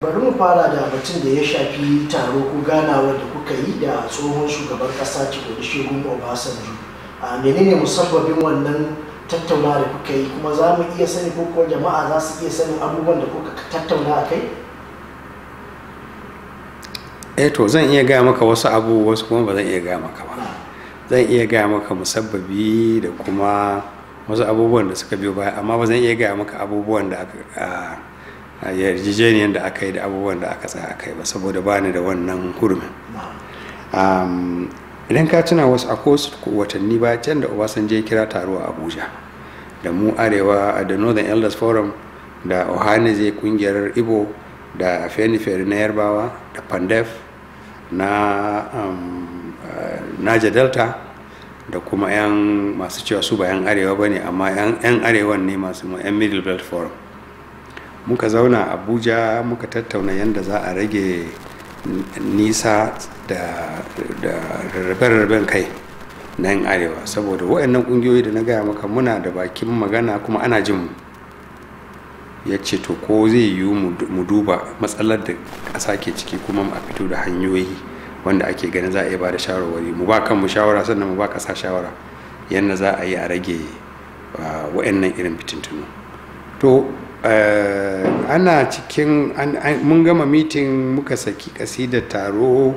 bari mu fara da batun da ya shafi taro ko ganawar da kuka yi da tsohon shugaban kasa cikin shehu obasanjo a menene musabbabin wannan tattauna da kuka yi kuma za mu iya sani ko kuwa jama'a za su iya sani abubuwan da kuka tattauna a kai eh to zan iya gaya maka wasu abubuwa wasu kuma ba zan iya gaya maka ba zan iya gaya maka musabbabi da kuma wasu abubuwan da suka biyo baya amma ba zan iya gaya maka abubuwan da aka yarjejeniyar da aka yi da abubuwan da aka tsaya aka yi ba saboda ba ni da wannan hurumin idan ka tuna wasu a watanni ba can da obasanjo ya kira taro a abuja da mu arewa a da northern elders forum da ohane zai kungiyar ibo da fenifere na yarbawa da pandef na eh, naja delta da kuma 'yan masu cewa su ba 'yan arewa ba ne amma 'yan arewa ne masu 'yan middle belt forum muka zauna abuja muka tattauna yadda za a rage nisa da rarraben kai na yin arewa saboda waɗannan ƙungiyoyi da na gaya maka muna da bakin magana kuma ana jin mu ya ce to ko zai yiwu mu duba matsalar da ƙasa ke ciki kuma a fito da hanyoyi wanda ake ganin za a iya ba da shawarwari mu ba kanmu shawara sannan mu ba ƙasa shawara yadda za a yi a rage ah, waɗannan irin fitintunu to Eh, ana cikin mun gama mitin muka saki da taro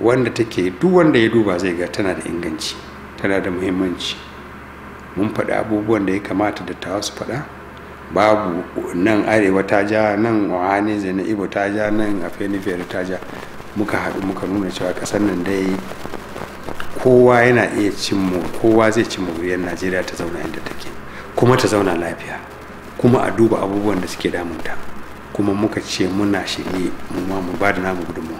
wanda take duk wanda ya duba zai ga tana da inganci tana da muhimmanci mun faɗi abubuwan da ya kamata da ta su faɗa babu nan arewa ta ja nan ohane zai na ibo ta ja nan a fenifere ta ja muka haɗu muka nuna cewa ƙasar nan dai kowa yana iya cimmu kowa zai cimmu wuriyar najeriya ta zauna inda take kuma ta zauna lafiya kuma a duba abubuwan da suke damunta kuma muka ce muna shirye mu ma mu ba da namu gudunmu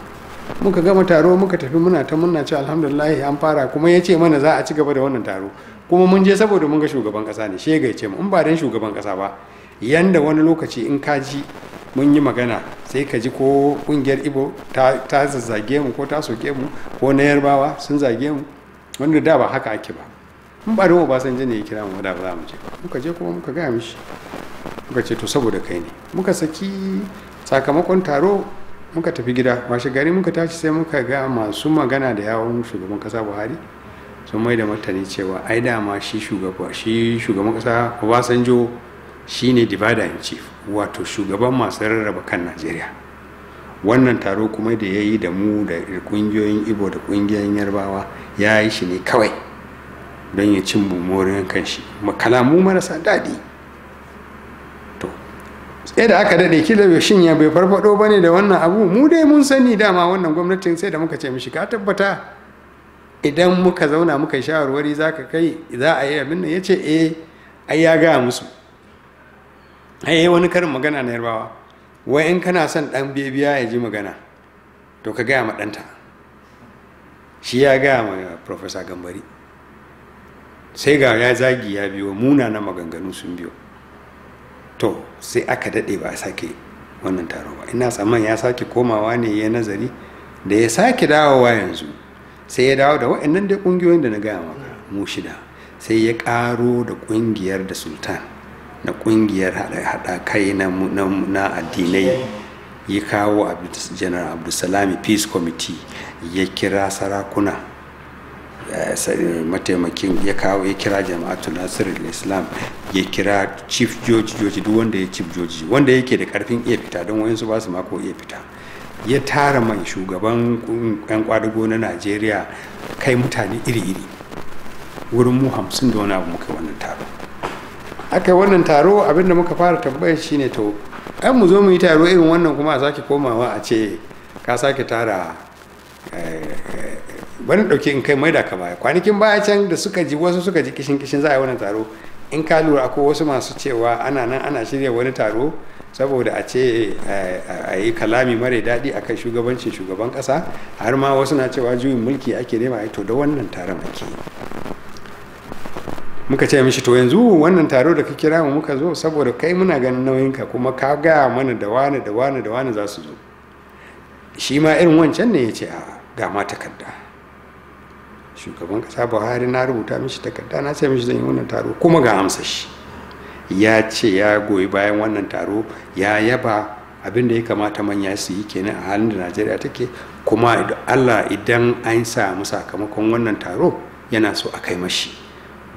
muka gama taro muka tafi muna ta muna ce alhamdulillah an fara kuma ya ce mana za a ci gaba da wannan taro kuma mun je saboda mun ga shugaban kasa ne shega ya ce mu in ba dan shugaban kasa ba yanda wani lokaci in ka ji mun yi magana sai ka ji ko kungiyar ibo ta, zazzage mu ko ta soke mu ko na yarbawa sun zage mu wanda da ba haka ake ba in ba da obasanjo ne ya kira mu da ba za mu je muka je kuma muka gaya mishi muka ce to saboda kai ne muka saki sakamakon taro muka tafi gida washe gari muka tashi sai muka ga masu magana da yawon shugaban kasa buhari sun mai da martani cewa ai dama shi shi shugaban kasa obasanjo shi ne divider in chief wato shugaban masu rarraba kan najeriya wannan taro kuma da ya yi da mu da kungiyoyin ibo da kungiyoyin yarbawa ya yi shi ne kawai don ya cin mummurin kan shi kalamu marasa daɗi sai da aka daɗe kila shin shinya bai farfaɗo ba ne da wannan abu mu dai mun sani dama wannan gwamnatin sai da muka ce mishi ka tabbata idan muka zauna muka shawarwari za ka kai za a yi abin nan ya ce eh ai ya gaya musu ai wani karin magana na yarbawa wai in kana son ɗan bebiya ya ji magana to ka gaya ma ɗanta shi ya gaya ma profesa gambari sai ga ya zagi ya biyo muna na maganganu sun biyo to sai aka daɗe ba a sake wannan taro ba ina tsaman ya sake komawa ne ya nazari da ya sake dawowa yanzu sai ya dawo da waɗannan da ƙungiyoyin da na gaya maka mu shida sai ya ƙaro da ƙungiyar da sultan na ƙungiyar haɗakai na addinai ya kawo general abdulsalami peace committee ya kira sarakuna mataimakin ya kawo ya kira jama'atul nasirin islam ya kira chief joji joji duk wanda ya chief joji wanda yake da karfin iya fita don wayansu ba su mako iya fita ya tara mai shugaban yan kwadago na najeriya kai mutane iri-iri wurin mu hamsin da wani abu muka wannan taro aka yi wannan taro abinda muka fara tambayar shine to an mu zo mu yi taro irin wannan kuma a sake komawa a ce ka sake tara eh, bari dauke in kai maida ka baya kwanakin baya can da suka ji wasu suka ji kishin kishin za a yi wani taro in ka lura ko wasu masu cewa ana nan ana shirya wani taro saboda a ce eh, a yi kalami mara daɗi a kan shugabancin shugaban ƙasa har ma wasu na cewa juyin mulki ake nema to da wannan taron ake muka ce mishi to yanzu wannan taro da ka kira mu muka zo saboda kai muna ganin nauyinka kuma ka gaya mana da wani da wani da wani za su zo shi ma irin wancan ne ya ce a ga ma takarda shugaban kasa buhari na rubuta mishi takarda na sai mishi zan yi wannan taro kuma ga amsa shi ya ce ya goyi bayan wannan taro ya yaba abin da ya kamata manya su yi kenan a halin da najeriya take kuma allah idan an samu sakamakon wannan taro yana so a kai mashi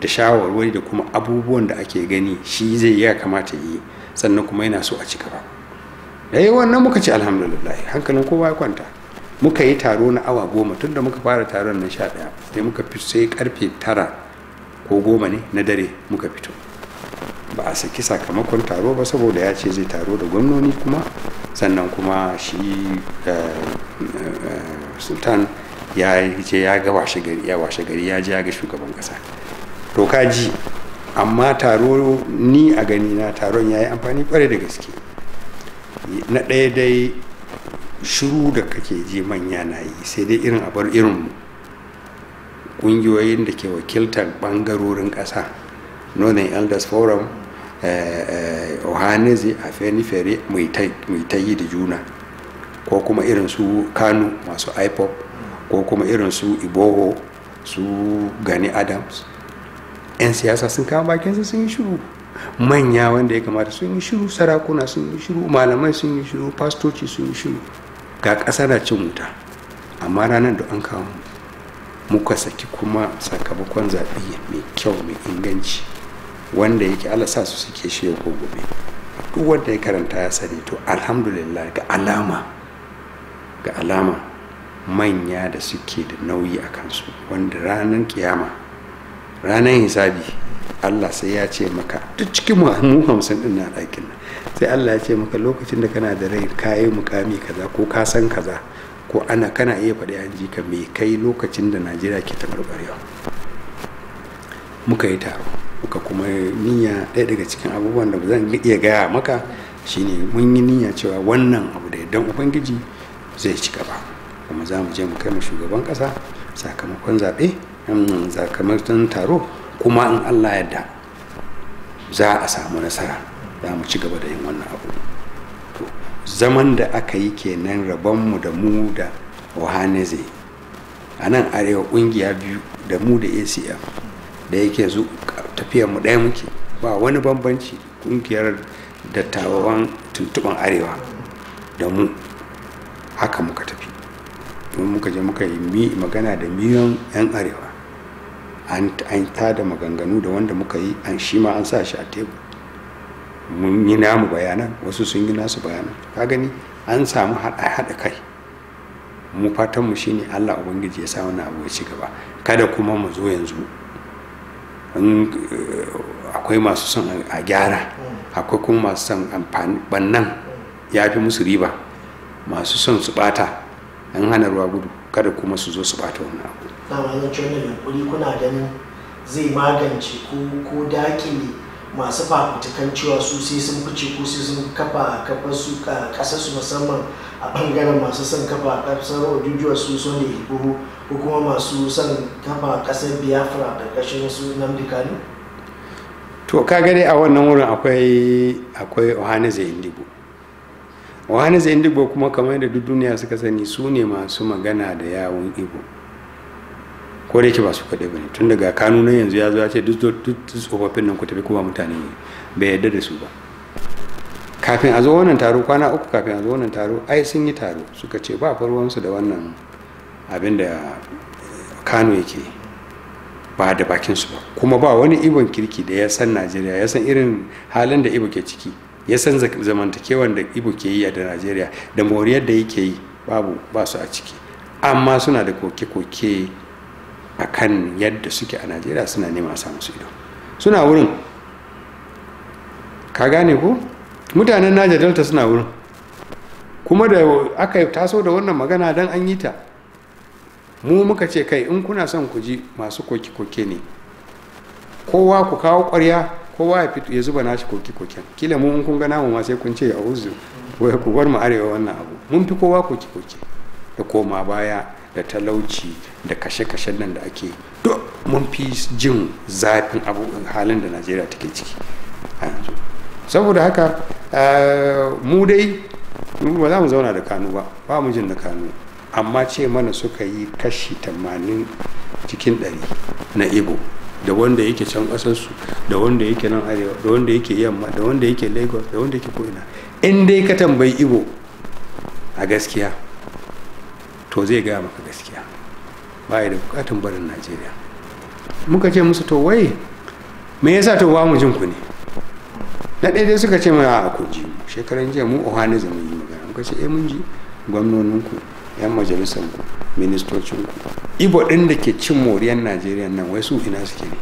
da shawarwari da kuma abubuwan da ake gani shi zai ya kamata yi sannan kuma yana so a ci gaba da eh, yi wannan muka ce alhamdulillah hankalin kowa ya kwanta muka yi taro na awa goma tun da muka fara taron na sha ɗaya sai muka fi sai karfe tara ko goma ne na dare muka fito ba a saki sakamakon taro ba saboda ya ce zai taro da gwamnoni kuma sannan kuma shi eh, eh, sultan ya ce ya ga washe gari ya washe gari ya ji ya ga shugaban ƙasa. to ka ji amma taro ni a gani na taron ya yi amfani kwarai da gaske na ɗaya dai shiru da kake ji manya na yi sai dai irin abar irin ƙungiyoyin da ke wakiltar bangarorin ƙasa northern elders forum eh, eh, ohaneze a fere mai ta yi da juna ko kuma irin su kano masu ipop ko kuma irin su iboho su gani adams 'yan siyasa sun kama bakinsa sun yi shiru manya wanda ya kamata sun yi shiru sarakuna sun yi shiru malamai sun yi shiru pastoci sun yi shiru ga ƙasa na cin wuta amma ranar da an kawo muka saki kuma sakamakon zaɓe mai kyau mai inganci wanda yake ala sa su suke shi ko gobe duk wanda ya karanta ya sani to alhamdulillah ga alama ga alama manya da suke da nauyi a kansu wanda ranar kiyama ranar hisabi Allah sai ya ce maka duk cikin mu hamsin din na ɗakin nan sai Allah ya ce maka lokacin da kana da rai ka mukami kaza ko ka san kaza ko ana kana iya faɗi an ji ka me kai lokacin da Najeriya ke tabarbarewa muka yi taro muka kuma niyya ɗaya daga cikin abubuwan da zan iya gaya maka shine mun yi niyya cewa wannan abu da yardan ubangiji zai ci gaba kuma za mu je mu kai mu shugaban ƙasa sakamakon zaɓe mm, sakamakon taro kuma in allah yadda za a samu nasara za mu ci gaba da yin wannan abu zaman da aka yi kenan rabonmu da mu da ohaneze a nan arewa kungiya biyu da mu da acf da yake zu tafiyar mu ɗaya muke ba wani bambanci kungiyar dattawan tuntuban arewa da mu haka muka tafi muka je muka yi magana da miliyan 'yan arewa an da maganganu da wanda muka yi an shi ma an sa shi a tebur mun yi namu bayanan wasu sun yi nasu bayanan ka gani an samu haɗa kai mu fatan mu shine Allah ubangiji ya sa wani abu ya ci gaba kada kuma mu zo yanzu eh, akwai masu son a gyara akwai kuma masu son amfani bannan ya fi musu riba masu son su bata an hana ruwa gudu kada kuma su zo su bata wani abu dama yanzu da yunkuri kuna ganin zai magance ko dakile masu fafutukan cewa su sai sun fice ko sai sun kafa kafa su kasar su musamman a bangaren masu son kafa kasar rojujuwa su son da igbo ko kuma masu son kafa kasar biafra kashin su namdi kanu to kaga dai a wannan wurin akwai akwai dibo indigo ohanaze indigo kuma kamar da duk duniya suka sani su ne masu magana da yawon igbo ko da yake ba su kaɗai ba ne tun daga kanu na yanzu ya zo ya ce duk tsofaffin nan ku tafi kuma mutane ne bai yarda da su ba kafin a zo wannan taro kwana uku kafin a zo wannan taro ai sun yi taro suka ce ba farwansu da wannan abin da kano yake ba da bakinsu ba kuma ba wani ibon kirki da ya san najeriya ya san irin halin da ibo ke ciki ya san zamantakewan da ibo ke yi a da najeriya da moriyar da yake yi babu ba su a ciki amma suna da koke-koke a kan yadda suke a najeriya suna nema a samu ido suna wurin ka gane ko mutanen naja delta suna wurin kuma da aka taso da wannan magana don an yi ta mu muka ce kai in kuna son ku ji masu koke-koke ne kowa ku kawo kwarya kowa ya fito ya zuba nashi koke-koken kila mu kun gana mu ma sai kun ce a uzu ku bar mu arewa wannan abu mun fi kowa koke-koke da koma baya da talauci da kashe-kashen nan da ake duk mun fi jin zafin abubuwan halin da najeriya take ciki saboda haka eh, mu dai ba za mu zauna da kanu ba ba mu jin da kanu amma ce mana suka yi kashi tamanin cikin 100 na ibo da wanda yake can ƙasarsu da wanda yake nan arewa da wanda yake yamma da wanda yake lagos da wanda yake ko'ina in dai ka tambayi ibo a gaskiya to zai gaya maka gaskiya Ba da bukatun barin najeriya muka ce musu to wai me yasa to ba mu jin ku ne na ɗaya dai suka ce mai a kun ji shekaran jiya mu ohana zama yi magana muka ce eh mun ji gwamnoninku yan majalisar ministocin ku. ibo ɗin da ke cin moriyar najeriya nan wai su ina suke ne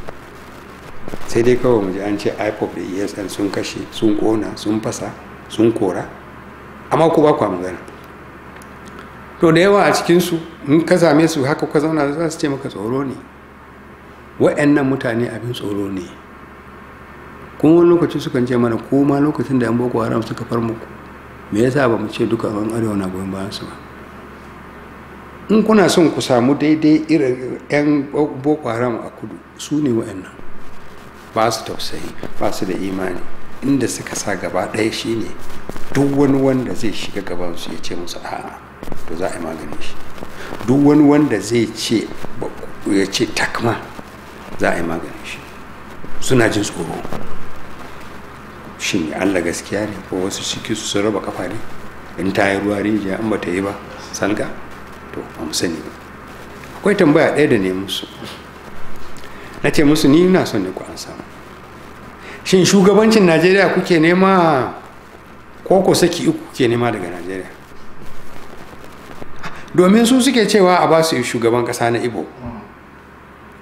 sai dai kawai mu ji an ce ipop da esn sun kashe sun kona sun fasa sun kora amma ku ba kwa magana to da yawa a cikinsu in ka same su haka ka zauna za su ce maka tsoro ne wa'annan mutane abin tsoro ne kuma wani lokaci sukan ce mana ko lokacin da yan boko haram suka far muku me yasa ba mu ce duka ban arewa na goyon bayan su ba in kuna son ku samu daidai irin 'yan boko haram a kudu su ne wa'annan ba su tausayi ba su da imani inda suka sa gaba ɗaya shine duk wani wanda zai shiga gabansu ya ce musu a'a to za a yi maganin shi duk wani wanda zai ce ya ce takma za a yi maganin shi suna jin tsoro shin allah gaskiya ne ko wasu ciki su sun raba kafa ne in ta yi ruwa rijiya in ba ta yi ba salga to ba mu sani ba akwai tambaya ɗaya da ne musu na ce musu ni na son ne ku an samu shin shugabancin najeriya kuke nema ko ku saki uku kuke nema daga najeriya domin su suke cewa a ba su shugaban kasa na ibo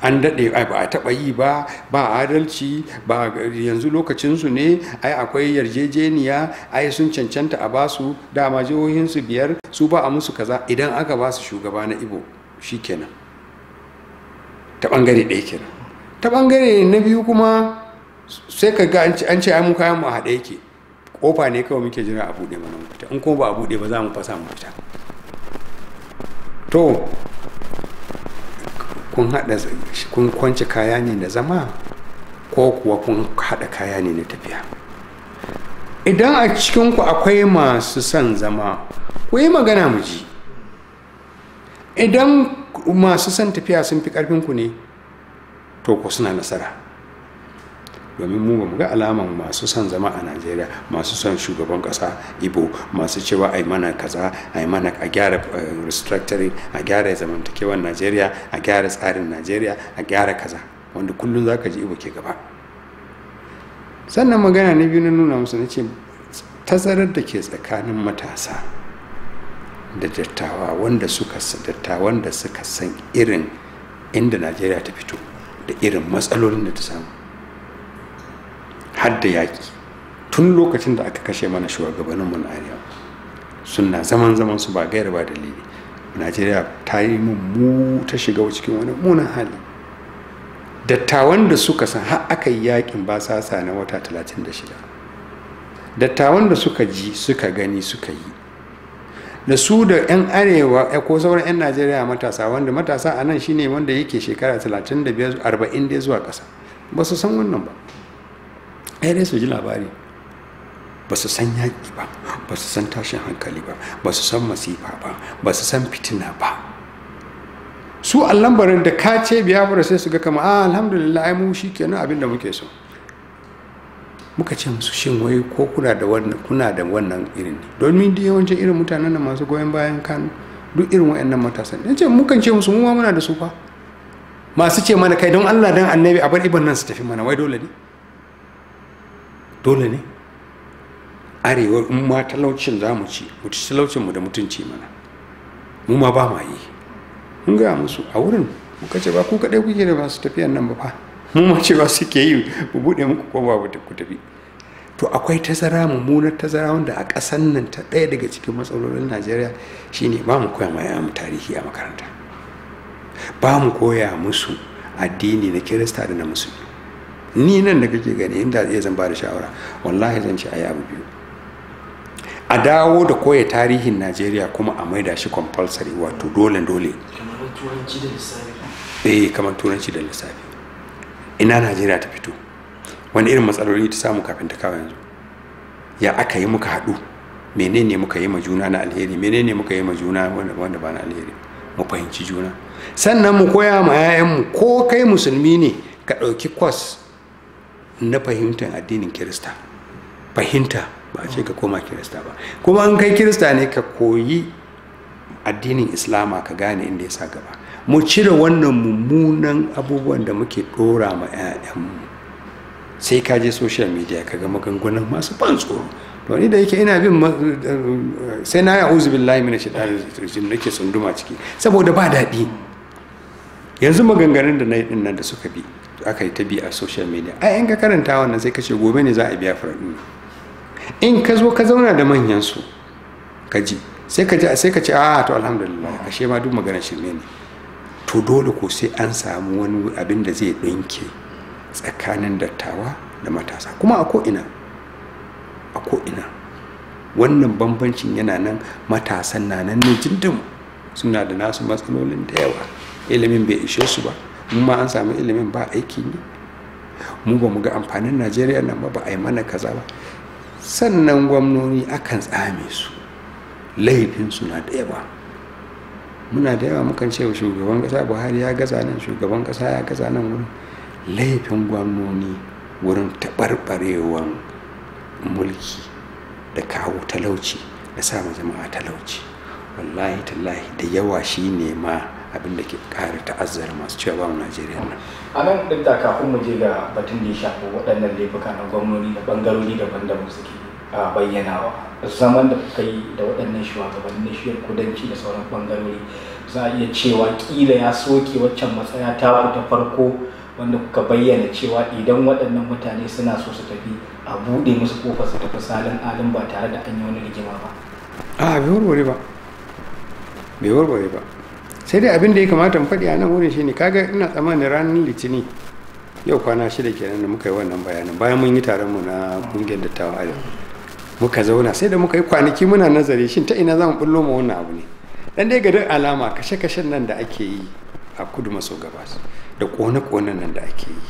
an daɗe ba a taɓa yi ba ba adalci ba yanzu lokacinsu ne ai akwai yarjejeniya ai sun cancanta a basu dama jihohinsu biyar su ba a musu kaza idan aka ba su shugaba na ibo kenan ta ɓangare ɗaya kenan ta ɓangare na biyu kuma sai ka ga an ce ai mu kayan mu a haɗe yake kofa ne kawai muke jira a buɗe mana mu fita in kuma ba a buɗe ba za mu fasa mu fita to kun haɗa kun kwanci kaya ne na zama ko kuwa kun haɗa kaya ne na tafiya idan a cikinku akwai masu son zama ku yi magana mu ji idan masu son tafiya sun fi ku ne to ku suna nasara domin mu ba mu ga alaman masu son zama a najeriya masu son shugaban kasa ibo masu cewa a yi mana kaza a yi mana a gyara eh, restructuring a gyara zamantakewar najeriya a gyara tsarin najeriya a gyara kaza wanda kullum za ka ji ibo ke gaba sannan magana na biyu na nuna musu na ce tazarar da ke tsakanin matasa da dattawa wanda suka da suka san irin inda najeriya ta fito da irin matsalolin da ta samu Hadda yaƙi tun lokacin da aka kashe mana shugabanninmu na arewa suna zaman zaman su ba gaira ba dalili najeriya ta yi mu ta shiga cikin wani munan hali dattawan da suka san har aka yi yakin basasa na wata 36 dattawan da suka ji suka gani suka yi da su da 'yan arewa eh, ko sauran 'yan najeriya matasa wanda matasa a nan shine wanda yake shekara 35 zuwa ƙasa ba su san wannan ba ɗaya dai su ji labari ba su san yaƙi ba ba su san tashin hankali ba ba su san masifa ba ba su san fitina ba su allan barin da ka ce biyafura sai su ga kama ah alhamdulillah ai mu shi kenan abin da muke so muka ce musu shin wai ko kuna da wannan kuna da wannan irin ne domin da yawancin irin mutanen nan masu goyon bayan kan duk irin wayannan matasan ne ce mukan ce musu mu ma muna da su fa masu ce mana kai don Allah dan annabi a bar ibn nan su tafi mana wai dole ne dole ne arewa in ma talaucin za mu ci mu talaucinmu da mutunci mana mu ma ba ma yi mun gaya musu a wurin mu kace ba ku kaɗai kuke da masu tafiyan nan ba fa mu ma ce ba suke yi mu buɗe muku ko ba ku tafi to akwai tazara mummunar tazara wanda a ƙasan nan ta ɗaya daga cikin matsalolin najeriya shine ba mu koya ma mu tarihi a makaranta ba mu koya musu addini na kirista da na musulmi ni nan da kake gani inda zai zan ba da shawara wallahi zan ci ayi abu biyu a dawo da koya tarihin najeriya kuma a mai da shi compulsory wato dole dole eh kamar turanci da lissafi ina najeriya ta fito wani irin matsaloli ta samu kafin ta kawo yanzu ya aka yi muka haɗu menene muka yi ma na alheri menene muka yi ma juna wanda ba na alheri mu fahimci juna sannan mu koya ma 'ya'yanmu ko kai musulmi ne ka ɗauki kwas na fahimtar addinin kirista fahimta ba ce ka koma kirista ba kuma an kai kirista ne ka koyi addinin islama ka gane inda ya sa gaba mu cire wannan mummunan abubuwan da muke dora ma 'ya'yanmu sai ka je social media ka ga maganganun masu ban tsoro to ni da yake ina bin sai na ya uzu billahi mina shaitanir rajim nake sunduma ciki saboda ba daɗi yanzu maganganun da na yi nan da suka bi aka yi ta biya a social media a in ka karanta wannan sai ka ce gobe ne za a biya faradin in ka zo ka zauna da manyan su ka ji sai ka ji ce a ah, to alhamdulillah ashe ma duk magana shirme ne to dole ko sai an samu wani abin da zai ɗinke tsakanin dattawa da matasa kuma a ko'ina a ko'ina wannan bambancin yana nan matasan na nan ne jindin suna da nasu matsalolin da yawa ilimin bai ishe su ba mu ma an samu ilimin ba aiki ne mu ba mu ga amfanin najeriya nan ba ba a yi mana kaza ba sannan gwamnoni akan tsame su laifinsu na da yawa muna da yawa mukan ce wa shugaban kasa buhari ya gaza nan shugaban kasa ya gaza nan wurin laifin gwamnoni wurin taɓarɓarewan mulki da kawo talauci da sa jama'a talauci wallahi tallahi da yawa shi ne ma abin da ke kare ta'azzara masu cewa ba najeriya nan a nan duk da kafin mu je ga batun da ya shafi waɗannan laifuka na gwamnoni da bangarori daban-daban suke bayyanawa zaman da kuka yi da waɗannan na shiyar kudanci da sauran bangarori za a iya cewa kila ya soke waccan matsaya ta ta farko wanda kuka bayyana cewa idan waɗannan mutane suna so su tafi a buɗe musu kofar su tafi salin alin ba tare da an yi wani rigima ba a bai warware ba bai warware ba sai dai abin da ya kamata mu faɗi a nan wurin shine kaga ina tsammanin ranar litinin yau kwana shida kenan da muka yi wannan bayanin bayan mun yi taron mu na kungiyar ta arewa muka zauna sai da muka yi kwanaki muna nazari shin ta ina za mu bullo mu wannan abu ne dan dai duk alama kashe-kashen nan da ake yi a kudu maso gabas da kone kone nan da ake yi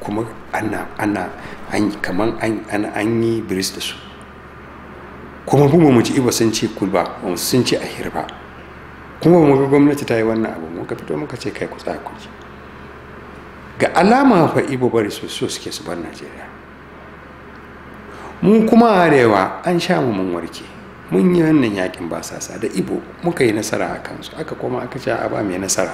kuma ana ana an kaman an an yi biris da su kuma mu mu ji iba sun ce kulba sun ce ahir ba kuma muka gwamnati ta yi wannan abu muka fito muka ce kai ku tsaya ga alama fa ibo bari su so suke su bar najeriya Mun kuma arewa an sha mu mun warke mun yi wannan yakin ba sasa da ibo muka yi nasara a kansu aka koma aka ce a ba mai nasara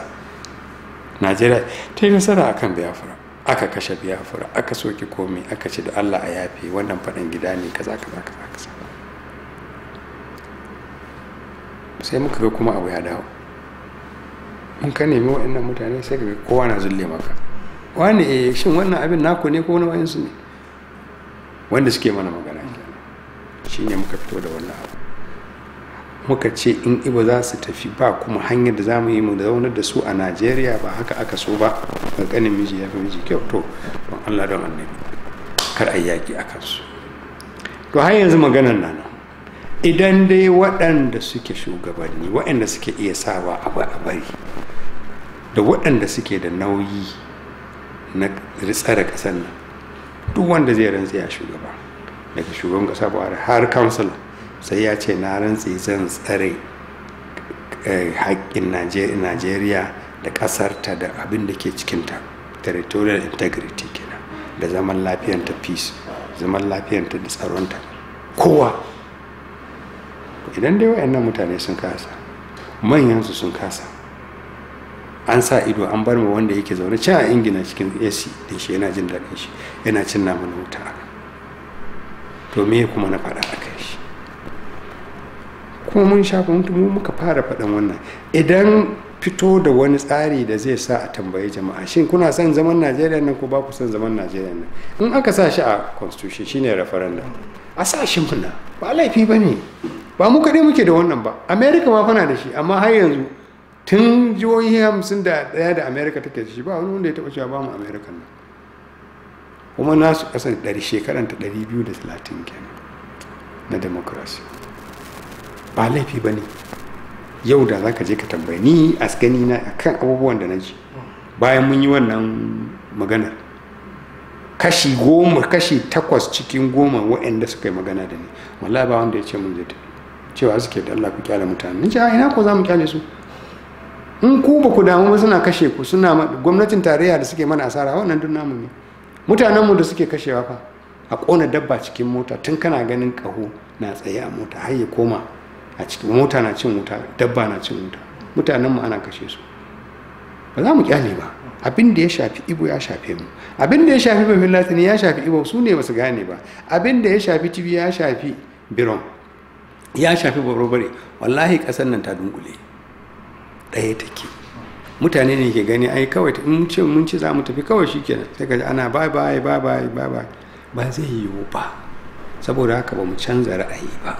najeriya ta yi nasara a kan biafra aka kashe biafra aka soki komi aka ce da allah a yafe wannan faɗin gida ne kaza kaza kaza kaza sai muka ga kuma abu ya dawo in ka nemi waɗannan mutane sai ga kowa na zulle maka wani eh shin wannan abin nako ne ko wani wayansu ne wanda suke mana magana shi ne muka fito da wannan abu muka ce in iba za su tafi ba kuma hanyar da za mu yi mu zaunar da su a najeriya ba haka aka so ba ga ganin miji ya fi miji kyau to don allah don annabi kar a yaki a kansu to har yanzu maganar nana idan dai waɗanda suke shugabanni waɗanda suke iya sawa abu a bari da waɗanda suke da nauyi na ritsara ƙasar nan duk wanda zai rantse a shugaba daga shugaban ƙasa buhari har kansul sai ya ce na rantse zan tsare eh, haƙƙin najeriya da ƙasarta da abin da ke cikinta territorial integrity kenan da zaman lafiyanta peace zaman lafiyanta da tsaronta kowa idan dai wayannan mutane sun kasa manyansu sun kasa an sa ido an bar mu wanda yake zaune can a ingina cikin ac din shi yana jin daɗin shi yana cin namu na wuta to me kuma na faɗa a kai shi kuma mun sha mu muka fara faɗan wannan idan fito da wani tsari da zai sa a tambayi jama'a shin kuna son zaman najeriya nan ko ba ku son zaman najeriya nan in aka sa shi a constitution shine referendum a sa shi muna ba laifi ba ne ba mu kaɗai muke da wannan ba america ma fana da shi amma har yanzu tun jihohi hamsin da ɗaya da america take da shi ba wani wanda ya taɓa cewa ba mu america nan kuma nasu ƙasan ɗari shekaran ta ɗari biyu da talatin kenan na demokrasi ba laifi ba ne yau da za ka je ka tambayi ni a gani na kan abubuwan da na ji bayan mun yi wannan magana kashi goma kashi takwas cikin goma waɗanda suka yi magana da ni wallahi ba wanda ya ce mun zai tafi cewa suke da Allah ku kyale mutane ni ce a ina ko za mu kyale su in ku ba ku damu ba suna kashe ku suna gwamnatin tarayya da suke mana asara wannan duk namu ne mutanen mu da suke kashewa fa a kona dabba cikin mota tun kana ganin kaho na tsaye a mota har ya koma a cikin mota na cin wuta dabba na cin wuta mutanen mu ana kashe su ba za mu kyale ba abin da ya shafi ibo ya shafe mu abin da ya shafi bafin latini ya shafi ibo su ne basu gane ba abin da ya shafi tibi ya shafi biron ya shafi babarbare wallahi kasar nan ta dunkule ɗaya take mutane ne ke gani ai kawai in ce mun ci za mu tafi kawai shikenan sai kaji ana bye bye bye bye bye ba zai yiwu ba saboda haka ba mu canza ra'ayi ba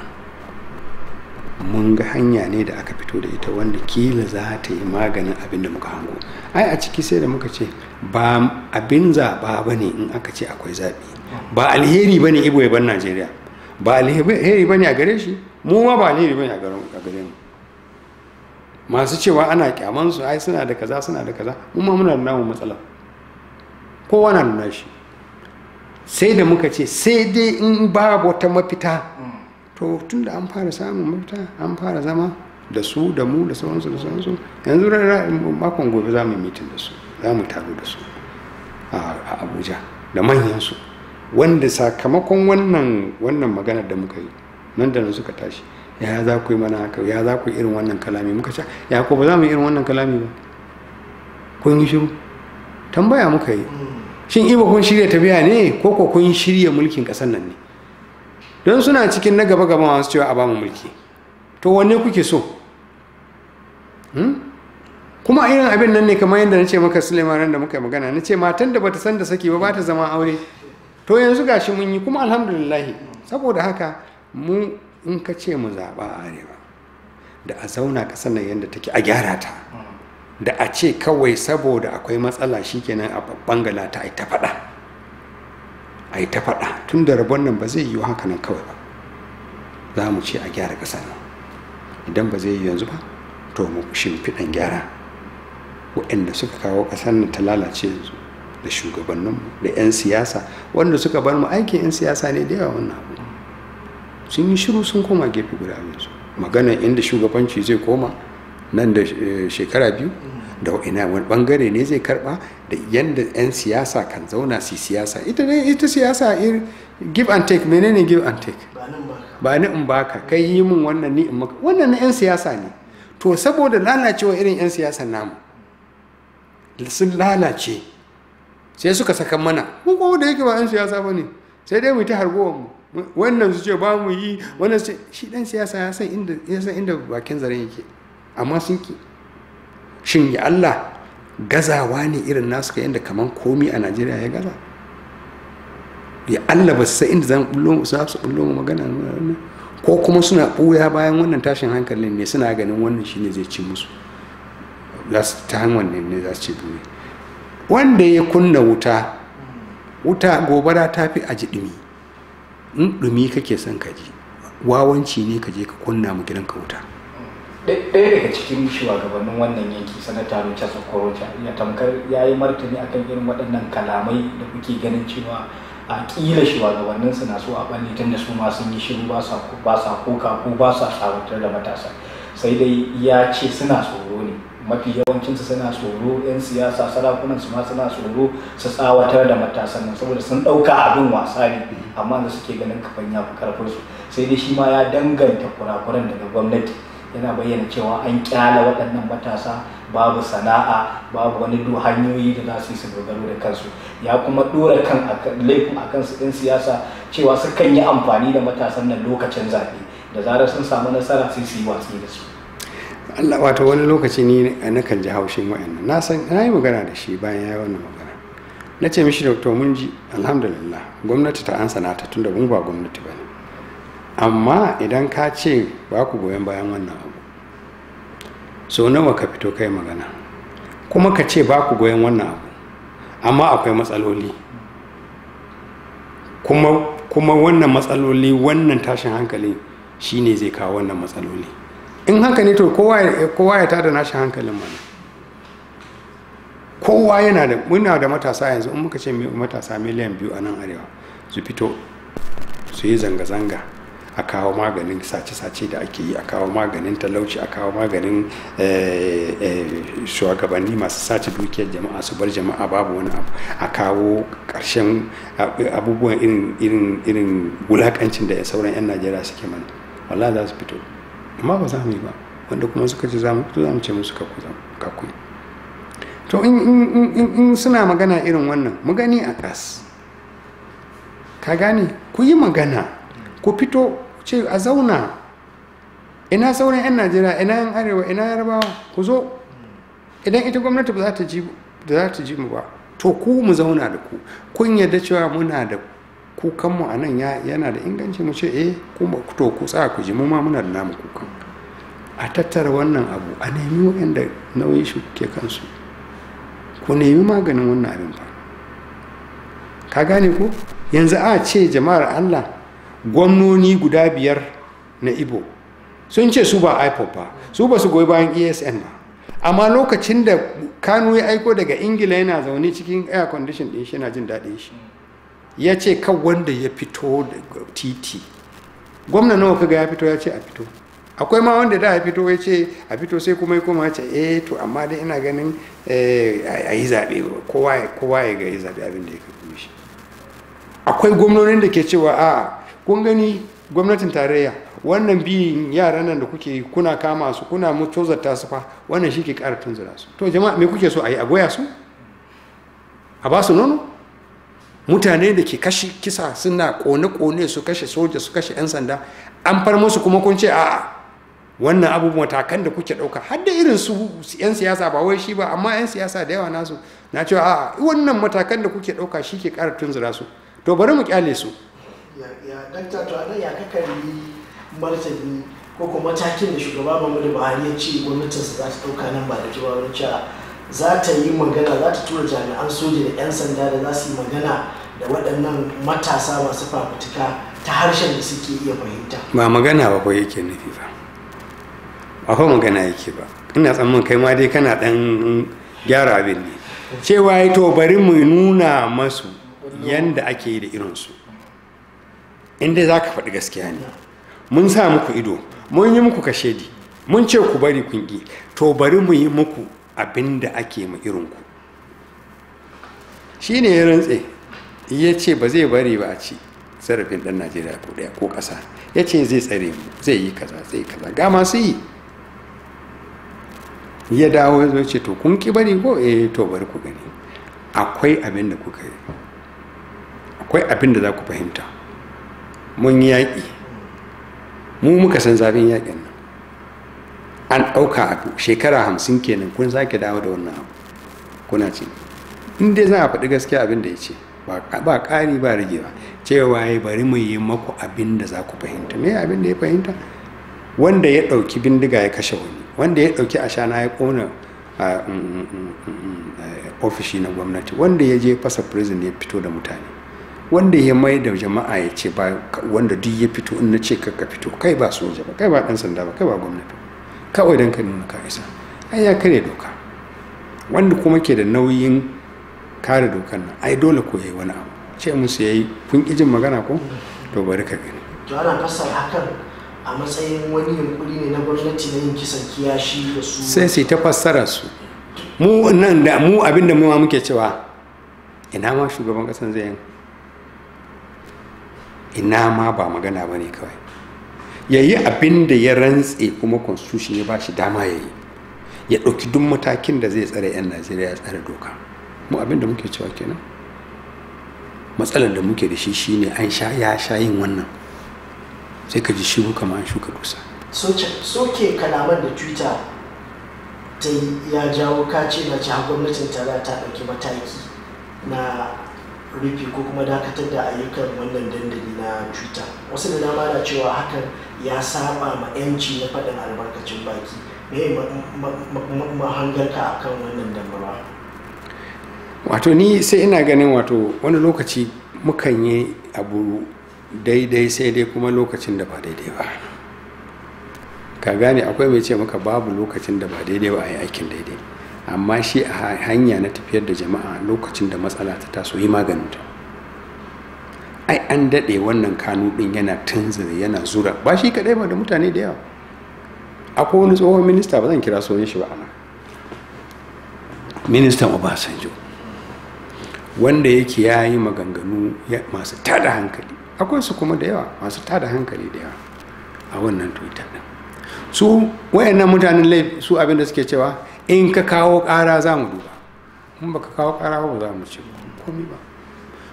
mun ga hanya ne da aka fito da ita wanda kila za ta yi maganin abin da muka hango ai a ciki sai da muka ce ba abin zaɓa ba ne in aka ce akwai zaɓi ba alheri ba ne ibo ya najeriya ba alheri ba ne a gare shi mu ma ba alheri ba ne a gare mu masu cewa ana kyaman su ai suna da kaza suna da kaza mu ma muna da namu matsala kowa na nuna shi sai da muka ce sai dai in babu wata mafita to tun da an fara samun mafita an fara zama da su da mu da sauransu da sauransu yanzu makon gobe za mu yi mitin da su za mu taro da su a abuja da manyansu wanda sakamakon wannan wannan magana da muka yi nan da nan suka tashi ya za ku yi mana haka ya za ku irin wannan kalami muka ce ya ko ba za mu yi irin wannan kalami ba kun yi shiru tambaya muka yi mm. shin ibo kun shirya tafiya ne ko ko kun shirya mulkin ƙasar nan ne don suna cikin na gaba gaba masu cewa a ba mu mulki to wanne kuke so hmm? kuma irin abin nan ne kamar yadda na ce maka suleiman da muka magana na ce matan da bata san da saki ba bata zama aure to yanzu gashi mun yi kuma alhamdulillahi saboda haka mu in ka ce mu zaɓa a arewa da a zauna ƙasar nan yadda take a gyara ta da a ce kawai saboda akwai matsala shi shikenan a bangala ta ai ta faɗa a yi ta faɗa tun da rabon nan ba zai yiwu haka nan kawai ba za mu ce a gyara ƙasar nan idan ba zai yi yanzu ba to mu shimfiɗan gyara waɗanda suka kawo ƙasar nan ta lalace yanzu da shugabanninmu da 'yan siyasa wanda suka bar mu aikin 'yan siyasa ne da yawa wannan abu sun yi shiru sun koma gefe guda yanzu magana inda shugabanci zai koma nan da eh, shekara biyu da ina wani bangare ne zai karba da yadda 'yan siyasa kan zauna su siyasa ita ne ita siyasa ir give and take menene give and take ba ni in baka kai yi min wannan ni in maka wannan na 'yan siyasa ne to saboda lalacewa irin 'yan siyasa namu sun lalace sai suka saka mana mu ko da yake ba 'yan siyasa ba ne sai dai mu ta hargowar mu wannan su ce ba mu yi wannan su shi dan siyasa ya san inda ya san inda bakin zaren yake amma sun ki shin ya Allah gazawa ne irin nasu ka yadda kamar komi a najeriya ya gaza ya allah ba sai inda za su bullo mu magana ko kuma suna ɓuya bayan wannan tashin hankalin ne suna ganin wannan shine zai ci musu ta hanyar ne za su ci duniya wanda ya kunna wuta wuta gobara ta fi a ji ɗumi in ɗumi kake son ka ji wawanci ne ka je ka kunna mu ka wuta ɗaya daga cikin shugabannin wannan yanki sanata Richard Okorocha ya tamkar ya yi martani akan irin waɗannan kalamai da kuke ganin cewa a ƙila shugabannin su na so a ɓalle tun da su ma sun yi shiru ba sa koka ko ba sa tsawatar da matasa sai dai ya ce suna tsoro ne mafi yawancinsu suna tsoro 'yan siyasa sarakunan su ma suna tsoro su tsawatar da matasan nan saboda sun ɗauka abin wasa ne amma da suke ganin kafan ya fi karfin sai dai shi ma ya danganta kurakuran daga gwamnati yana bayyana cewa an kyala waɗannan matasa babu sana'a babu wani du hanyoyi da za su yi su dogaro da kansu ya kuma ɗora kan laifin a kansu ɗin siyasa cewa sukan yi amfani da matasan nan lokacin zaɓe da zarar sun samu nasara sai su yi watsi da su Allah wato wani lokaci ni na kan ji haushin wa'annan na san na yi magana da shi bayan ya yi wannan magana na ce mishi da mun ji alhamdulillah gwamnati ta ansa ta tunda mun ba gwamnati ba ne amma idan ka ce ba ku goyon bayan wannan abu so nawa ka fito kai magana kuma ka ce ba ku goyon wannan abu amma akwai matsaloli kuma kuma wannan matsaloli wannan tashin hankali shine zai kawo wannan matsaloli in haka ne to kowa ya tada nashi hankalin mana kowa yana da muna da matasa yanzu in muka ce matasa miliyan biyu a nan arewa su fito su yi zanga-zanga a kawo maganin sace-sace da ake yi a kawo maganin talauci a kawo maganin eh, eh, shugabanni masu sace dukiyar jama'a su bar jama'a babu wani abu a kawo ƙarshen abubuwan irin wulakancin da sauran 'yan najeriya suke mana wallah za su fito amma ba za mu yi ba wanda kuma suka ce za mu fito za mu ce musu ka kuyi to in suna magana irin wannan mu gani a kas ka gane ku yi magana ku fito ce a zauna ina sauran 'yan najeriya ina yan arewa ina yarbawa ku zo idan ita gwamnati ba za ta ji mu ba to ku mu zauna da ku kun yarda cewa muna da kukanmu a nan yana da inganci mu ce eh ku to ku tsaya ku ji mu ma muna da namu kukan a tattara wannan abu a nemi waɗanda nauyin shi ke kansu ku nemi maganin wannan abin ba ka gane ku? yanzu a ce jama'ar allah gwamnoni guda biyar na ibo sun ce su ba ipop ba su ba su goyi bayan esn ba amma lokacin da kanu ya aiko daga ingila yana zaune cikin air condition din shi yana jin daɗin shi ya ce kan wanda ya fito da titi gwamna nawa kaga ya fito ya ce a fito akwai ma wanda da ya fito ya ce a fito sai kuma ya koma ce eh to amma dai ina ganin eh, a yi zaɓe kowa ya ga yi zaɓe abin da ya fi shi akwai gwamnonin da ke cewa a kun gani gwamnatin tarayya wannan biyin yaran nan da kuke kuna kama su kuna tozarta su fa wannan shi ke ƙara tunzura su to jama'a me kuke so a yi a goya su a ba su nono mutane da ke kashe kisa suna kone-kone su kashe soja su kashe 'yan sanda an far musu kuma kun ce a'a wannan abubuwa matakan da kuke ɗauka har da irin su 'yan siyasa ba wai shi ba amma 'yan siyasa da yawa nasu na cewa a'a wannan matakan da kuke ɗauka shi ke ƙara tunzura su to bari mu kyale su ya dakta to anan ya kakari martani ko kuma matakin da shugaba da Buhari ya ce su za ta dauka nan ba da jiwarin cewa za ta yi magana za ta tura jami'an soja da 'yan sanda da za su yi magana da waɗannan matasa masu fafutuka ta harshen da suke iya fahimta ba magana ba ko yake nufi ba ba ko magana yake ba ina tsammanin kai ma dai kana ɗan gyara abin ne cewa ya to bari mu nuna masu yanda ake yi da su. Inda za ka faɗi gaskiya ne mun sa muku ido mun yi muku kashedi mun ce ku bari kun ƙi to bari mu yi muku abin da ake ma irinku shi ne ya rantse ya ce ba zai bari ba a ci sarrafin ɗan najeriya ko ɗaya ko ƙasa ya ce zai tsare mu zai yi kaza zai kaza ga masu yi ya dawo ya ce to kun ki bari ko eh to bari ku gani akwai abin da kuka yi akwai abin da za ku fahimta mun yaƙi mu muka san zafin yaƙin nan an ɗauka abu shekara hamsin kenan kun sake dawo da wannan abu kuna ce in dai za a faɗi gaskiya abin da ya ce ba ƙari ba rage ba cewa ya bari mu yi maku abin da za ku fahimta me abin da ya fahimta wanda ya ɗauki bindiga ya kashe wani wanda ya ɗauki ashana ya ƙona mm, mm, mm, eh, ofishi na gwamnati wanda ya je fasa prison ya fito da mutane wanda ya mai da jama'a ya ce ba wanda duk ya fito in na ce ka fito kai ba soja ba kai ba dan sanda ba kai ba gwamnati kawai dan ka nuna ka isa ai ya kare doka wanda kuma ke da nauyin kare dokan nan ai dole ko yayi wani abu ce musu yayi kun ki jin magana ko to bari ka gani to ana fassara hakan a matsayin wani yunkuri ne na gwamnati na yin kisan kiyashi da su sai sai ta fassara su mu nan da mu abinda mu ma muke cewa ina ma shugaban kasan zai yi ina ma ba magana ba ne kawai ya yi abin da ya rantse kuma constitution ya ba shi dama ya yi ya ɗauki duk matakin da zai tsare 'yan najeriya ya tsare doka mu abin da muke cewa kenan matsalar da muke da shi shine an sha ya sha yin wannan sai ka ji shi kama an shuka dusa soke kalaman da twitter ta ya jawo kace na jihar gwamnatin tara ta ɗauki mataki na rufe ko kuma dakatar da ayyukan wannan dandali na twitter wasu da dama na cewa hakan ya saba ma 'yanci na faɗin albarkacin baki me mahangarka a wannan dambarwa wato ni sai ina ganin wato wani lokaci mukan yi abu daidai sai dai kuma lokacin da ba daidai ba ka gane akwai mai ce maka babu lokacin da ba daidai ba a yi aikin daidai amma shi a hanya na tafiyar da jama'a lokacin da matsala ta taso yi maganta ai an daɗe wannan kanu ɗin yana tunzir yana zura ba shi kaɗai ba da mutane da yawa akwai wani tsohon minista ba zan kira soyin shi ba ana ministan obasanjo wanda yake ya yi maganganu masu tada hankali akwai su kuma da yawa masu tada hankali da yawa a wannan twitter ɗin su wayannan mutanen su abinda suke cewa in ka kawo ƙara za mu duba in ka kawo ƙara ba za mu ce komi ba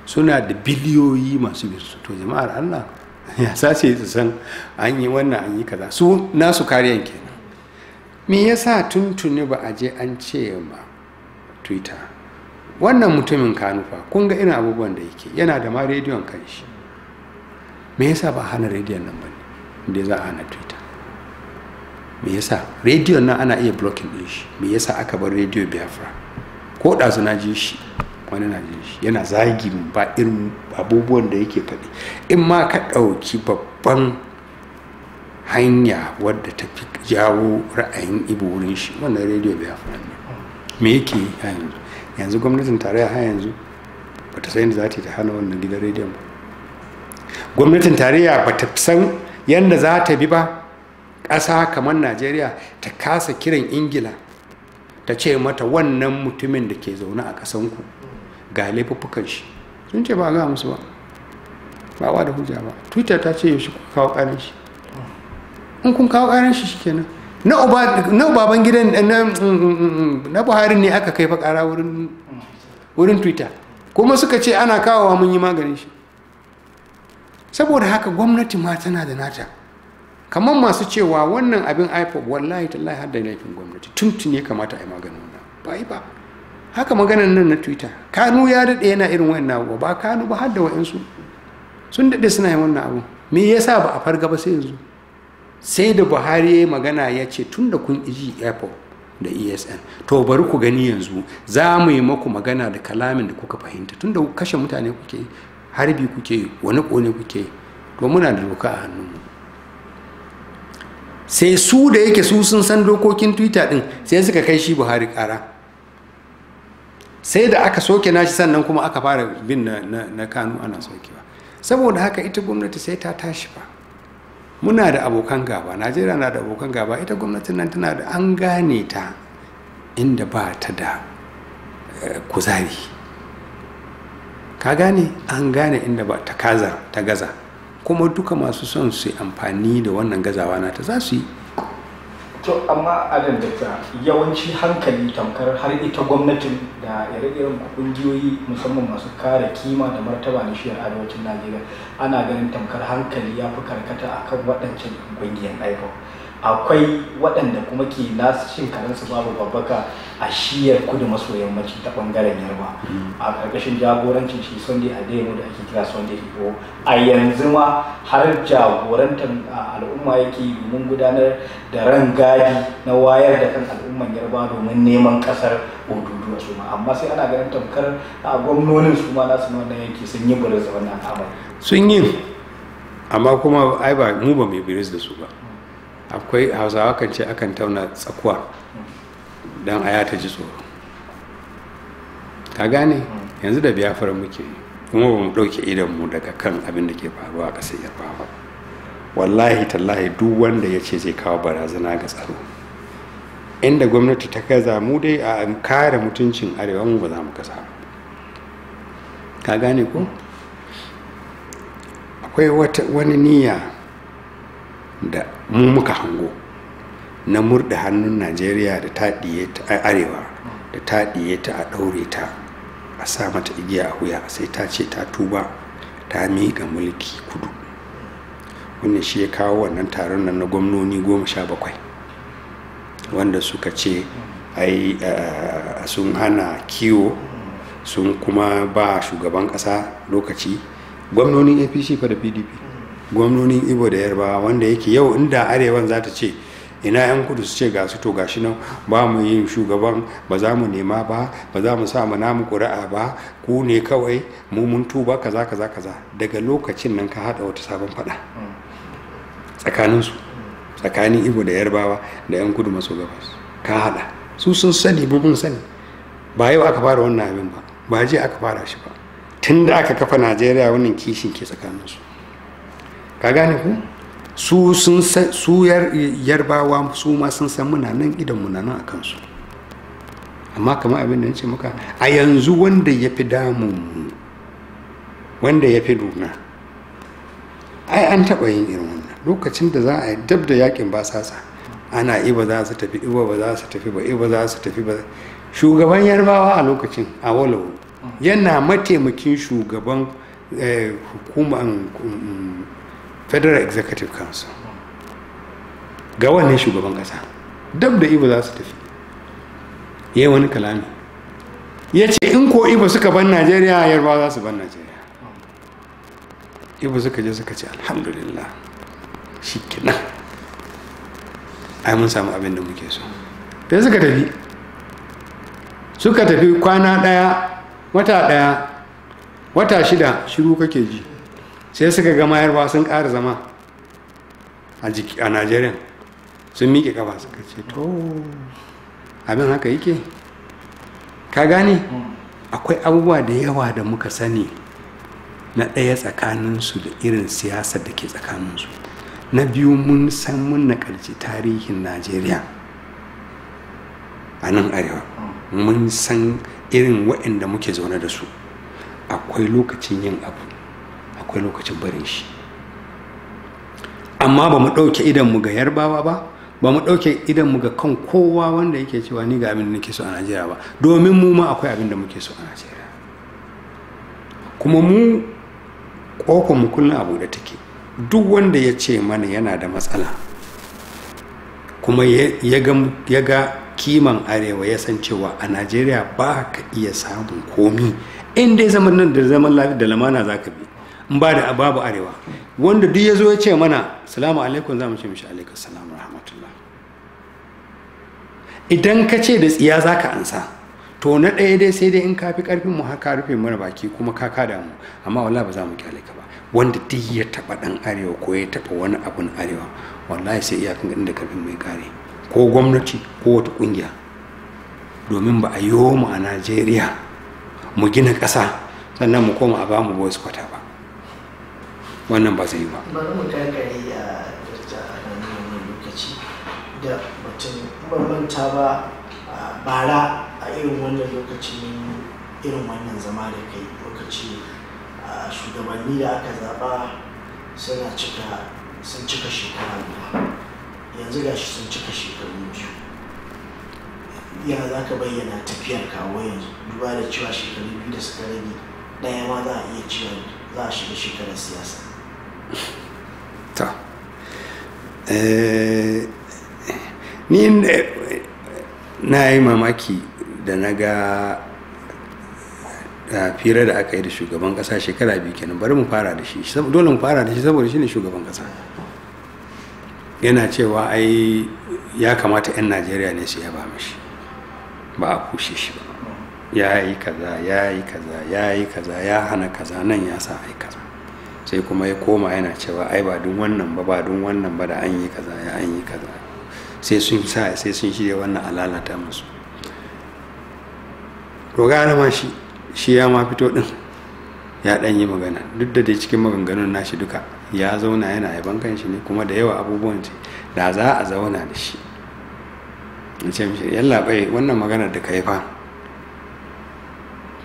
suna da biliyoyi masu birsu to jama'ar allah ya sace su san an yi wannan an yi kaza su nasu kariyan kenan me yasa tuntuni ba a je an ce ma twitter wannan mutumin kanufa kun ga irin abubuwan da yake yana da ma rediyon kanshi me yasa ba hana rediyon nan ba ne da za a hana twitter me yasa rediyo nan ana iya blocking din shi me yasa aka bar rediyo biafra ko ɗazu na ji shi wani na ji shi yana zagi ba irin abubuwan da yake faɗi in ma ka ɗauki babban hanya wadda ta fi jawo ra'ayin ibo wurin shi wannan rediyo biafra ne me yake yanzu yanzu gwamnatin tarayya har yanzu ba ta san yadda za ta yi ta hana wannan gidan rediyon ba gwamnatin tarayya ba ta san yadda za ta bi ba ƙasa kamar najeriya ta kasa kiran ingila ta ce mata wannan mutumin da ke zaune a ƙasanku ga laifuffukan shi sun ce ba ga musu ba ba wa da hujja ba twitter ta ce yaushe kuka kawo ƙarin shi in kun kawo ƙarin shi shikenan na baban gidan na buhari ne aka kai fa ƙara wurin twitter kuma suka ce ana kawowa mun yi maganin shi saboda haka gwamnati ma tana da nata kamar masu cewa wannan abin ipob wallahi tallahi har da laifin gwamnati tuntun ya kamata a yi maganin wannan ba yi ba haka maganan nan na twitter kanu ya daɗe yana irin wannan abu ba kanu ba har da wa'insu sun daɗe suna yin wannan abu me yasa ba a farga ba sai yanzu sai da buhari ya magana ya ce tun da kun iji ipob da esn to bari ku gani yanzu za mu yi maku magana da kalamin da kuka fahimta tun da kashe mutane kuke harbi kuke wani kone kuke to muna da doka a hannunmu sai su da yake su sun san dokokin twitter din sai suka kai shi buhari kara sai da aka soke nashi sannan kuma aka fara bin na, na, kanu ana sokewa saboda haka ita gwamnati sai ta tashi ba muna da abokan gaba najeriya na da abokan gaba ita gwamnatin nan tana da an gane ta inda ba ta da eh, kuzari ka gane an gane inda ba ta kaza ta gaza kuma duka masu son su amfani da wannan gazawa nata za su yi to amma adam da yawanci hankali tamkar har ita gwamnatin da ire-iren kungiyoyi musamman masu kare kima da martaba na shiyar arewacin najeriya ana ganin tamkar hankali ya fi karkata akan waɗancan kungiyar ipoc akwai waɗanda kuma ke nasu cin karansu babu babbaka a shiyar kudu maso yammaci ta ɓangaren yarba a ƙarƙashin jagorancin shi sunday adeyemo da ake kira sunday ko. a yanzu ma har jagorantar al'umma yake domin gudanar da rangadi na wayar da kan al'umman yarba domin neman ƙasar odudu a ma. amma sai ana ganin tamkar a gwamnonin su ma nasu wannan yake sun yi buris da wannan sun yi amma kuma ai ba mu ba mai biris da su ba akwai hausawa kan ce akan tauna tsakuwa don aya ta ji tsoro ka gane yanzu da biyafar muke kuma ba mu ɗauke idanmu daga kan abin da ke faruwa a ƙasar ba. wallahi tallahi duk wanda ya ce zai kawo barazana ga tsaro inda gwamnati ta kaza mu dai a kare mutuncin arewa mu ba za mu kasa ka gane ko akwai wani niyya da mu muka hango na murda hannun najeriya da ta ta arewa da ta ta a ɗaure ta a sa mata igiya a wuya sai ta ce ta tuba ta miƙa mulki kudu wannan shi ya kawo wannan taron nan na gwamnoni goma sha bakwai wanda suka ce ai eh, sun hana kiwo sun kuma ba shugaban ƙasa lokaci gwamnonin apc fa da pdp gwamnonin ibo da yarbawa wanda yake yau inda arewan za ta ce ina yan kudu su ce ga su to gashi nan ba mu yin shugaban ba za mu nema ba ba za mu sa mu namu ƙuri'a ba ku ne kawai mu mun tuba kaza kaza kaza daga lokacin nan ka hada wata sabon faɗa tsakaninsu tsakanin ibo da yarbawa da yan kudu maso gabas ka hada su sun sani mu mun sani ba yau aka fara wannan abin ba ba je aka fara shi ba tun da aka kafa najeriya wannan kishin ke tsakaninsu ka gane ku su sun su yarbawa su ma sun san muna nan idan muna nan a su amma kamar abin da nace maka a yanzu wanda ya fi damun wanda ya fi nuna ai an taɓa yin irin wannan lokacin da za a yi dab da yakin sasa ana iba za su tafi iba ba za su tafi ba iba za su tafi ba shugaban yarbawa a lokacin a walawo yana mataimakin shugaban eh, hukumar um, federal executive council ga wannan shugaban kasa dab da ibo za su tafi yi wani kalami ya ce in ko ibo suka ban najeriya yarba za su ban najeriya ibo suka je suka ce alhamdulillah shi kenan ai mun samu abin da muke so da suka tafi suka tafi kwana daya wata daya wata shida shiru kake ji sai suka ga mayarwa sun ƙara zama a najeriya sun miƙe kafa suka ce to abin haka yake ka gane akwai abubuwa da yawa da muka sani na ɗaya tsakaninsu da irin siyasa da ke tsakaninsu na biyu mun san mun na ƙarci tarihin najeriya a nan arewa mun san irin waɗanda muke zaune da su akwai lokacin yin abu akwai lokacin barin shi amma ba mu ɗauke mu ga yarbawa ba ba mu ɗauke mu ga kan kowa wanda yake cewa ni ga abin da nake so a najeriya ba domin mu ma akwai abin da muke so a najeriya kuma mu ƙofar mu kullum abu da take duk wanda ya ce mana yana da matsala kuma ya ga kiman arewa ya san cewa a najeriya ba ka iya samun komi in dai zaman nan da zaman lafiya da lamana za ka bi in ba da babu arewa wanda duk ya zo ya ce mana salamu alaikum za mu ce mishi alaikum salam rahmatullah idan ka ce da tsiya za ka ansa to na ɗaya dai sai dai in ka fi ƙarfin mu haka rufe mana baki kuma ka ka mu amma wala ba za mu kyale ka ba wanda duk ya taɓa ɗan arewa ko ya taɓa wani abun arewa wallahi sai iyakan gaɗin da ƙarfin mai kare ko gwamnati ko wata ƙungiya domin ba a yi mu a najeriya mu gina ƙasa sannan mu koma a mu voice kwata ba wannan ba zai yi ba mu a lokaci da mutum bambanta ba bara a irin wannan lokacin irin wannan zama da kai lokaci shugabanni da aka zaba suna cika sun cika shekara biyu yanzu gashi sun cika shekaru biyu ya za ka bayyana tafiyar kawo yanzu duba da cewa shekaru biyu da suka rage ɗaya ma za a iya cewa za a shiga shekarar siyasa ta eh, ni na yi mamaki da na ga eh, fira da aka yi da shugaban kasa shekara biyu kenan bari mu fara da shi dole mu fara da shi saboda shi ne shugaban kasa yana cewa ai ya kamata 'yan najeriya ne su yaba mashi ba a kushe shi ba ya yi kaza ya yi kaza ya yi kaza ya hana kaza nan ya sa ai kaza sai kuma ya koma yana cewa ai ba dun wannan ba ba dun wannan ba da an yi kaza ya an yi kaza sai sun sa sai sun shirya wannan alalata musu rogara ma shi shi ya ma fito din ya dan yi magana duk da dai cikin maganganun nashi duka ya zauna yana yaban kanshi ne kuma da yawa abubuwan ce da za a zauna da shi in ce mishi yalla bai wannan maganar da ka yi fa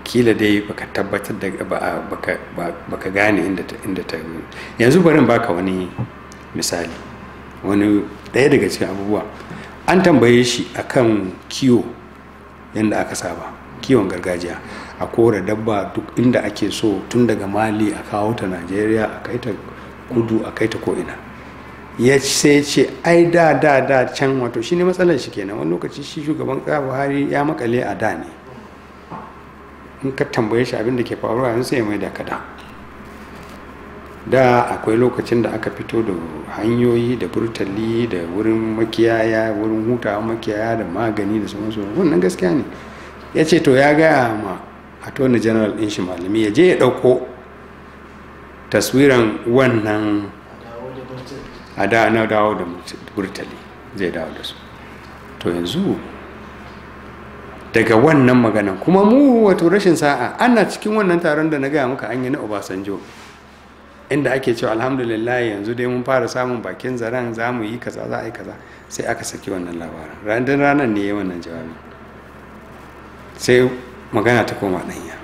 kila dai baka tabbatar da baka gane inda ta yanzu barin baka wani misali wani daya daga cikin abubuwa an tambaye shi akan kiwo yadda aka saba kiwon gargajiya a kora dabba duk inda ake so tun daga mali a kawo ta najeriya a kai ta kudu a kai ta ko'ina ya sai ce ai da da da can wato shine matsalar shi kenan wani lokaci shi shugaban buhari ya makale a da ne in ka tambaye shi abin da ke faruwa yanzu sai mai da kada da akwai lokacin da aka fito da hanyoyi da burtali da wurin makiyaya wurin hutawa makiyaya da magani da sauransu wannan gaskiya ne ya ce to ya gaya ma a tona general din shi malami ya je ya ɗauko taswiran wannan a da na dawo da burtali zai dawo da su to yanzu daga wannan maganan kuma mu wato rashin sa'a ana cikin wannan taron da na gaya muka an yi na obasanjo inda ake cewa alhamdulillah yanzu dai mun fara samun bakin zaren za mu yi kaza za a yi kaza sai aka saki wannan labarin ranar ranar ne ya wannan jawabi sai magana ta koma ɗanya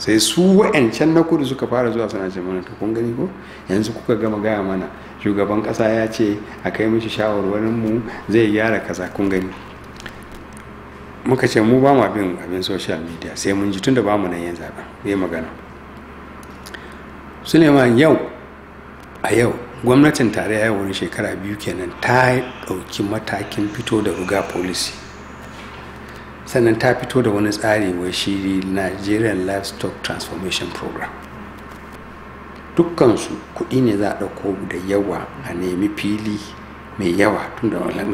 sai su wa'ancan na kudu suka fara zuwa suna ce mana to kun gani ko yanzu kuka gama gaya mana shugaban ƙasa ya ce a kai mishi shawarwarin mu zai gyara kaza kun gani muka ce mu ba mu abin abin social media sai mun ji tunda ba mu nan yin zaɓen zai magana suleiman yau a yau gwamnatin tarayya yau wani shekara biyu kenan ta ɗauki matakin fito da ruga policy sannan ta fito da wani tsari wai shi nigerian livestock transformation program dukkansu kuɗi ne za a ɗauko da yawa a nemi fili mai yawa tun da wani a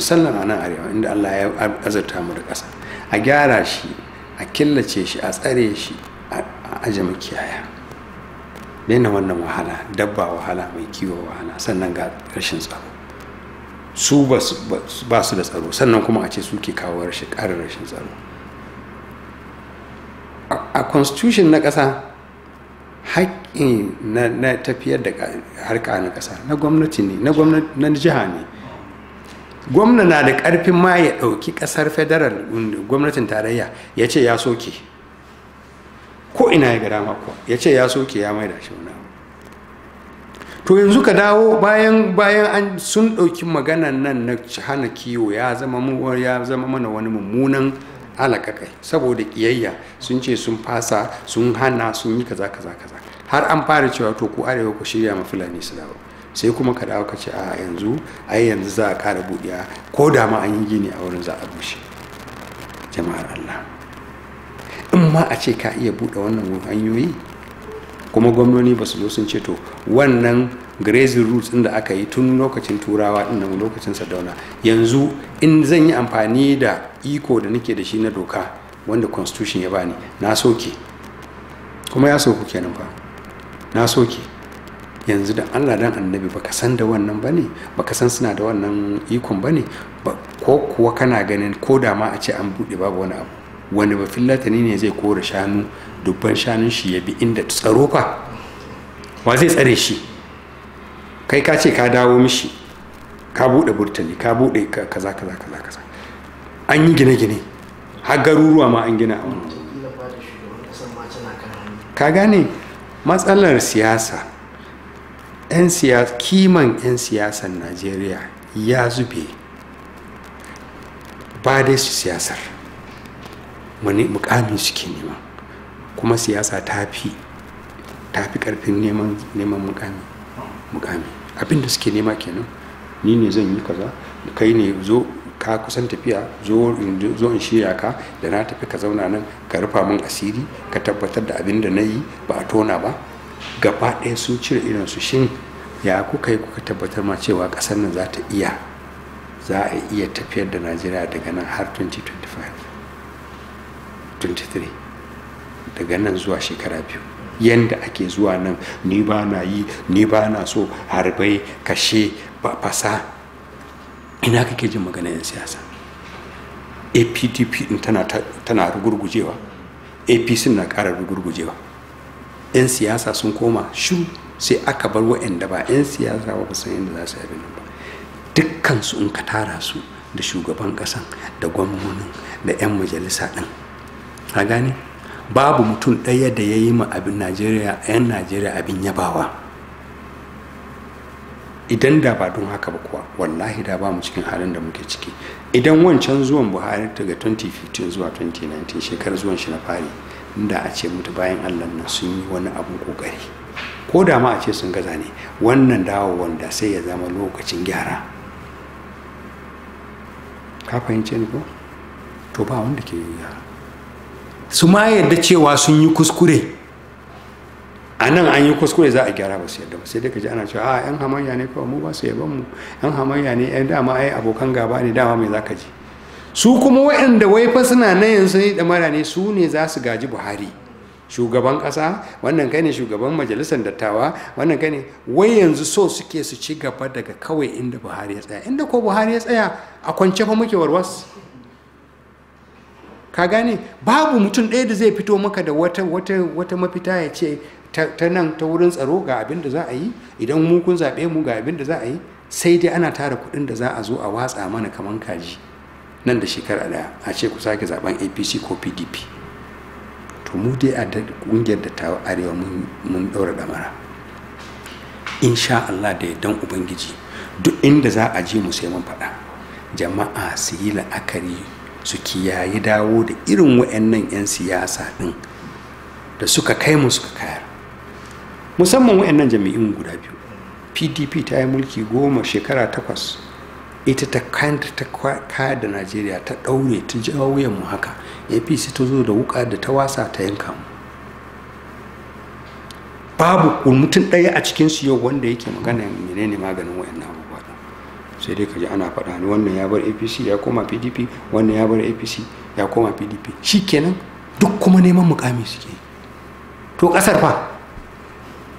nan arewa inda allah ya azurta mu da ƙasa a gyara shi a killace shi a tsare shi a aje makiyaya daina wannan wahala dabba wahala mai kiwo wahala sannan ga rashin tsaro su ba su da tsaro sannan kuma a ce su ke kawo ƙarin rashin tsaro a constitution na ƙasa haƙƙi na tafiyar da harka na ƙasa na gwamnati ne na jiha ne gwamna na da karfin ma ya dauki kasar federal gwamnatin tarayya ya ce ya soke ko ina ya gada mako ya ce ya soke ya maida shi wani to yanzu ka dawo bayan bayan an sun dauki maganan nan na hana kiwo ya zama mana wani mummunan alakakai saboda kiyayya sun ce sun fasa sun hana sun yi kaza kaza kaza har an fara cewa to ku arewa ku shirya ma fulani su dawo sai kuma ka dawo ka ce a yanzu ai yanzu za a kara buɗiya ko da ma an yi gini a wurin za a bushe jama'ar Allah in ma a ce ka iya buɗe wannan hanyoyi kuma gwamnoni ba su zo sun ce to wannan grazing roots ɗin da aka yi tun lokacin turawa ɗin nan lokacin sadauna yanzu in zan yi amfani da iko da nake da shi na doka wanda constitution ya bani na soke kuma ya soku kenan fa na soke yanzu da allah dan annabi baka san da wannan ba ne baka san suna da wannan ikon ba ne ko kuwa kana ganin ko da ma a ce an buɗe babu wani abu wani ba ne zai kora shanu dubban shanun shi ya bi inda tsaro fa wa zai tsare shi kai ka ce ka dawo mishi ka bude burtali ka bude kaza kaza kaza kaza an yi gine-gine har garuruwa ma an gina a ka gane matsalar siyasa 'yan siyasa kiman 'yan siyasar najeriya ya zube ba dai su siyasar wani mukamin suke nema kuma siyasa ta fi karfin neman mukami mukami abinda suke nema kenan ni ne zan yi kaza kai ne zo ka kusan tafiya zo in shirya ka da na tafi ka zauna nan ka rufa min asiri ka tabbatar da abin da na yi ba a tona ba gaba ɗaya su cire irin su shin ya kuka yi kuka tabbatar ma cewa ƙasar nan za ta iya za a iya tafiyar da najeriya daga nan har 2023 daga nan zuwa shekara biyu yanda ake zuwa nan ni ba na yi ni ba na so harbai kashe ba fasa ina kake jin magana 'yan siyasa apdp tana, tana rugurgujewa apc na ƙara rugurgujewa 'yan siyasa sun koma shu sai aka bar wa'anda ba 'yan siyasa ba san yadda za su yi abin ba dukkansu in ka tara su da shugaban kasan da gwamnonin da 'yan majalisa ɗin ka gane babu mutum ɗaya da ya yi ma abin najeriya 'yan najeriya abin yabawa idan da ba don haka ba kuwa wallahi da ba mu cikin halin da muke ciki idan wancan zuwan buhari daga 2015 zuwa 2019 shekarar zuwan shi na fari da a ce mutu bayan allah nan sun yi wani abun kokari ko da ma a ce sun gaza ne wannan dawo wanda sai ya zama lokacin gyara ka fahimce ni ko to ba wanda ke yi gyara su ma yadda cewa sun yi kuskure a nan an yi kuskure za a gyara ba su yadda ba sai dai ka ji ana cewa a ah, yan hamayya ne kawai mu ba su yaban mu yan hamayya ne yan dama ai abokan gaba ne dama mai za ka ji su kuma waɗanda fa suna na yanzu ne da mara ne su ne za su gaji buhari shugaban ƙasa wannan kai ne shugaban majalisar dattawa wannan kai ne wai yanzu so suke su ci gaba daga kawai inda buhari ya tsaya inda ko buhari ya tsaya a kwance fa muke warwas ka gane babu mutum ɗaya da zai fito maka da wata wata mafita ya ce ta nan ta wurin tsaro ga abin da za a yi idan mu kun zaɓe mu ga abin da za a yi sai dai ana tara kuɗin da za a zo a watsa mana kaman kaji nan da shekara daya a ce ku sake zaben apc ko pdp to mu dai a kungiyar da ta arewa mun daura damara insha allah da yardan ubangiji duk inda za a ji mu sai mun faɗa jama'a su yi la'akari su kiyaye dawo da irin wa'annan 'yan siyasa ɗin da suka kai mu suka kayar musamman wa'annan jami'in guda biyu pdp ta yi mulki goma shekara takwas ita ta kanta ta kaya da najeriya ta daure ta jawo mu haka apc ta zo da wuka da ta wasa ta yanka mu babu mutum ɗaya a cikinsu yau wanda yake magana menene maganin wayannan abubuwa sai dai kaji ana faɗa ni wannan ya bar apc ya koma pdp wannan ya bar apc ya koma pdp kenan duk kuma neman mukami suke to kasar fa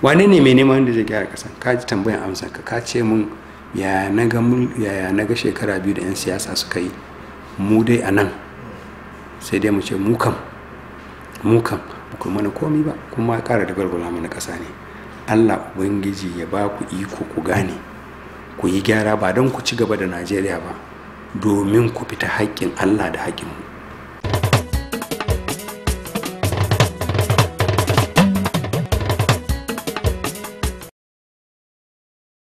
wane ne mai neman wanda zai gyara kasar ka ji tambayan amsar ka ka ce mun yaya na ga shekara biyu da 'yan siyasa suka yi mu dai a nan sai dai mu ce mu kam mu na mana komi ba kuma kara da gargula mana kasa ne allah ubangiji ya ba ku iko ku gane ku yi gyara ba don ku ci gaba da najeriya ba domin ku fita haƙƙin allah da haƙƙinmu